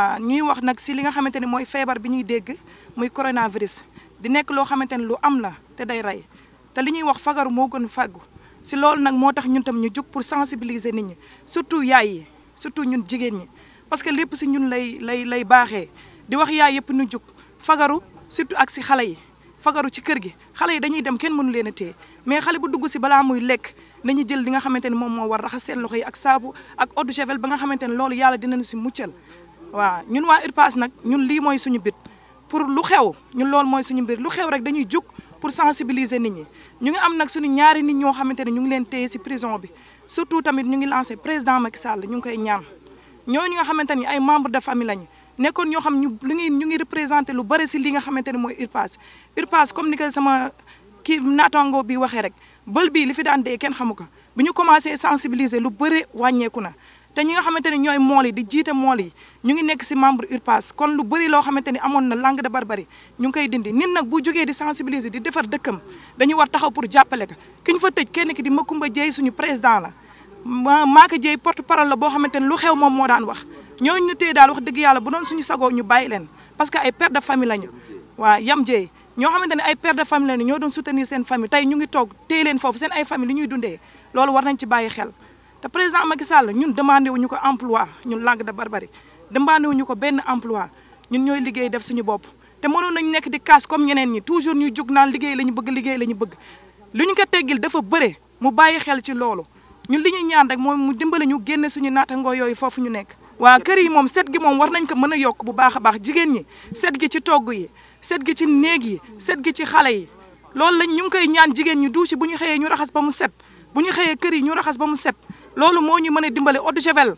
waaw euh, ñuy wax nag si li nga xamante ni mooy feebar bi ñuy dégg muy coronavirus di nekk loo xamante ni lu am la te day rey te li ñuy wax fagaru moo gën faggu si loolu nag moo tax ñun tam ñu jug pour sensibiliser nit ñi surtout yaay yi surtout ñun jigéen ñi parce que lépp si ñun lay lay lay baaxee di wax yaay yëpp ñu jug fagaru surtout ak si xale yi fagaru ci kër gi xale yi dañuy dem kenn mënu leen a mais xale bu dugg si balaa muy lekk nañu jël li nga xamante ni moom moo war raxas seen loxo yi ak saabu ak eau de ba nga xamante ni loolu yàlla dinañu si muccal waaw ñun waa URPAS nag ñun lii mooy suñu bit pour lu xew ñun loolu mooy suñu mbir lu xew rek dañuy jug pour sensibiliser nit ñi ñu ngi am nag suñu ñaari nit ñoo xamante ne ñu ngi leen téye ci prison bi surtout tamit ñu ngi lancé président Macky Sall ñu ngi koy ñaan ñooñu nga xamante ni ay membre de famille lañu nekkoon ñoo xam ñu li ngi ñu ngi représenté lu bëri si li nga xamante ne mooy URPAS URPAS comme ni ko sama kii naataango bi waxee rek bël bii li fi daan dee kenn xamu ko bu ñu commencé sensibiliser lu bëri wàññeeku na te ñi nga xamante ni ñooy mool yi di jiite mool yi ñu ngi nekk si membre URPAS kon lu bëri loo xamante ni amoon na langue de bari ñu ngi koy dindi nit nag bu jógee di sensibiliser di defar dëkkam dañu war taxaw pour jàppale ko ki ñu fa tëj kenn ki di Macoumba Dieye suñu président la Maka Dieye porte parole la boo xamante ni lu xew moom moo daan wax ñooñu ñu téye daal wax dëgg yàlla bu doon suñu sagoo ñu bàyyi leen parce que ay père de famille lañu ñoo xamante ne ay père de famille lañu tey ñu ngi toog téye seen ay ñuy dundee loolu war nañ ci bàyyi xel te président Macky Sall ñun demandé wuñu ko emploi ñu Langue de Barbarie demandé wuñu ko benn emploi ñun ñooy liggéey def suñu bopp te mënoon nañu nekk di kaas comme ñeneen ñi toujours ñu jug naa liggéey la ñu bëgg liggéey la ñu bëgg lu ñu ko teggil dafa bëre mu bàyyi xel ci loolu ñun li ñu ñaan rek mooy mu dimbale ñu génne suñu naatangoo yooyu foofu ñu nekk waa kër yi moom set gi moom war nañ ko mën a yokk bu baax a baax jigéen ñi set gi ci togg yi set gi ci néeg yi set gi ci xale yi loolu lañ ñu ngi koy ñaan jigéen ñi duusi bu ñu xëyee ñu raxas ba mu set bu ñu xëyee kër yi ñu raxas ba mu set loolu moo ñu mën a dimbale eau de javel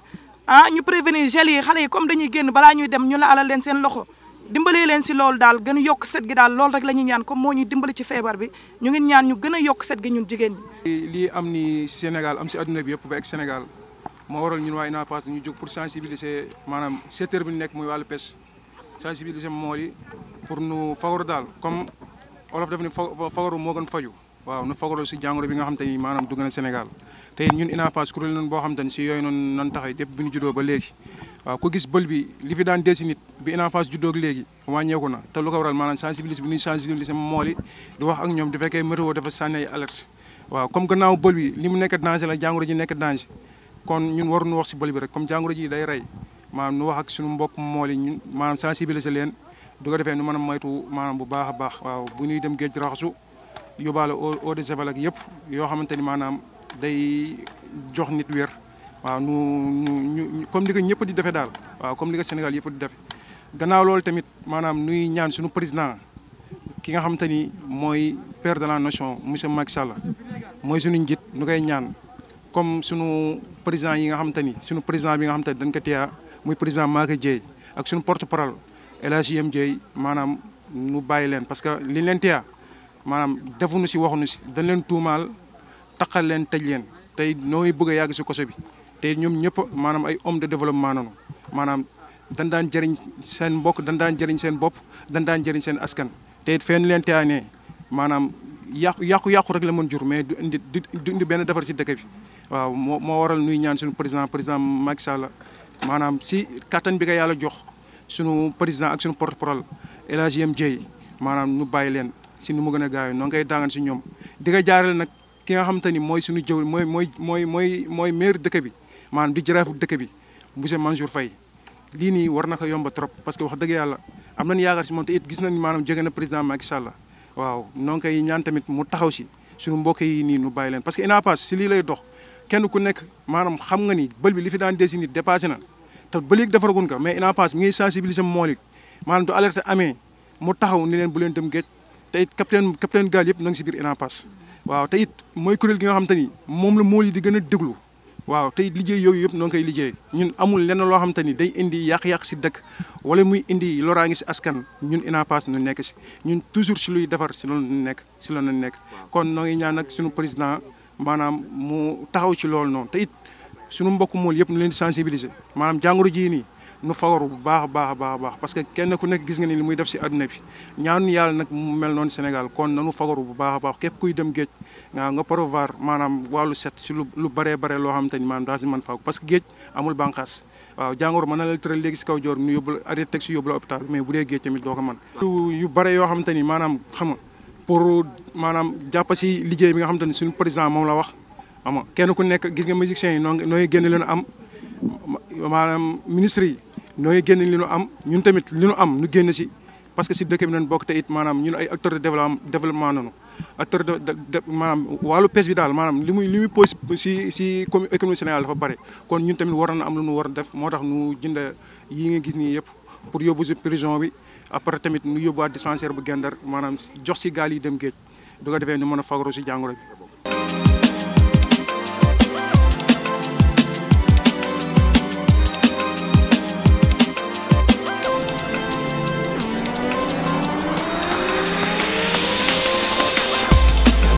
ah ñu prévenir gel xale yi comme dañuy génn balaa ñuy dem ñu la alal leen seen loxo dimbalee leen si loolu daal gën yokk set gi daal loolu rek la ñaan comme moo ñuy dimbali ci feebar bi ñu ngi ñaan ñu gën a yokk set gi ñun jigéen ñi. lii am ni Sénégal am si adduna bi yëpp ba ak Sénégal moo waral ñun waa UNAPAS ñu jóg pour sensibiliser maanaam secteur bi nekk muy wàllu pêche sensibiliser mool yi pour nu fagaru daal comme olof daf ni fagaru moo gën faju waaw nu fagaru si jàngoro bi nga xam te ni maanaam dugg na Sénégal te ñun INAFAS kuréel nañ boo xam te ni si yooyu noonu nan taxay dépp bu ñu juddoo ba léegi waaw ku gis bël bi li fi daan desi nit bi INAFAS juddoog léegi wàññeeku na te lu ko waral maanaam sensibiliser bi ñuy sensibiliser mool yi di wax ak ñoom di fekkee météo dafa sànni ay alerte waaw comme gannaaw bël bi li nekk danger la jàngoro ji nekk danger kon ñun ñu wax si bël bi rek comme jàngoro ji day rey maanaam nu wax ak suñu mbokk mool yi ñun maanaam sensibiliser leen du ko defee nu mën a moytu bu baax baax waaw bu ñuy dem géej raxasu yobale o de javel ak yëpp yo xamanteni manam day jox nit wér waaw nu comme ni ko ñëpp di defee dal waaw comme ni ko Sénégal yëpp di defee gannaaw lool tamit manam nuy ñaan suñu président ki nga xamanteni moy père de la nation monsieur Macky Sall moy suñu njit nu koy ñaan comme suñu président yi nga xamanteni suñu président bi nga xamanteni dañ ko téya muy président Macky Dieye ak suñu porte parole El Hadj Yem Dieye maanaam nu bàyyi leen parce que liñ leen téya manam defuñu si waxuñu si dañ leen tuumaal takal leen tej leen tay noy bëgg a ci si koso bi tay ñom ñëpp manam ay homme de développement nonu manam dañ daan jëriñ seen mbokk dañ daan jëriñ seen bop dañ daan jëriñ seen askan tay fenn leen tayane manam yàqu yàqu-yàqu rek la mën jur mais du indi du indi benn defar ci dëkk bi waaw mo waral nuy ñaan suñu président président Macky Sall manam si katan bi ga yalla jox suñu président ak suñu porte-parole El Hadji manam nu bayi bàyyi leen sinu mo gëna gaay no ngay daangan ci ñom di nga jaaral nak ki nga xamanteni ni sinu jëw moy moy moy moy moy maire dëkk bi man di jaraafu dëkk bi monsieur manjour fay li ni war na ko yomba trop parce que wax dëgg yalla am nañ yaagar ci moom te it gis nañ manam jëgëna na président Macky Sall waaw no ngay ñaan tamit mu taxaw ci suñu mbokk yi ni nu bàyyi leen parce que pass ci li lay dox kenn ku nekk manam xam nga ni bël bi li fi daan desi nit dépassé na te ba léegi defaragun ko mais pass mi ngi sensibiliser mool it maanaam du alerte amé mu taxaw ni leen bu leen dem géej te it capitaine capitaine gaal yëpp na ngi si biir Unapass waaw te it mooy kuréel gi nga xam te ni moom la mool yi di gën a déglu waaw te it liggéey yooyu yëpp noo ngi koy liggéey ñun amul lenn loo xam te ni day indi yàq-yàq si dëkk wala muy indi ngi si askan ñun Unapass ñu nekk si ñun toujours si luy defar si loolu nekk si loolu nekk kon noo ngi ñaan nag suñu président maanaam mu taxaw ci loolu noonu te it suñu mbokk mool yëpp ñu leen di maanaam jàngoro jii nii nu fawaru bu baax baax a baax parce que kenn ku nekk gis nga ni li def si adduna bi ñaanu yàlla nag mu mel noonu Sénégal kon nanu fagaru bu baax a képp kuy dem géej nga nga prévoir maanaam wàllu set si lu lu baree bare loo xam ni maanaam daa si mën parce que géej amul bànqaas waaw jàngoro na la tëral léegi si kaw joor ñu yóbbu arrêté teg si yóbbu la bu dee géej tamit doo ko mën yu bare yoo xam te maanaam xam nga pour maanaam jàpp si liggéey bi nga xam te ni suñu président moom la wax ama kenn ku nekk gis nga musiciens yi noo nooy génn leen am maanaam ministre yi nooy génn li nu am ñun tamit lu nu am nu génn si parce que si dëkk bi nañ bokk te it maanaam ñun ay acteur de développement développement nañu acteur de maanaam wàllu pêche bi daal maanaam li muy li muy pose si si commune économie Sénégal kon ñun tamit waroon am lu nu war a def moo tax nu jënd yi nga gis nii yëpp pour yóbbu si prison bi après tamit nu yóbbuwaat dispensaire bu gendar maanaam jox si gaal yi dem géej du ko defee nu mën a fagaru si jàngoro bi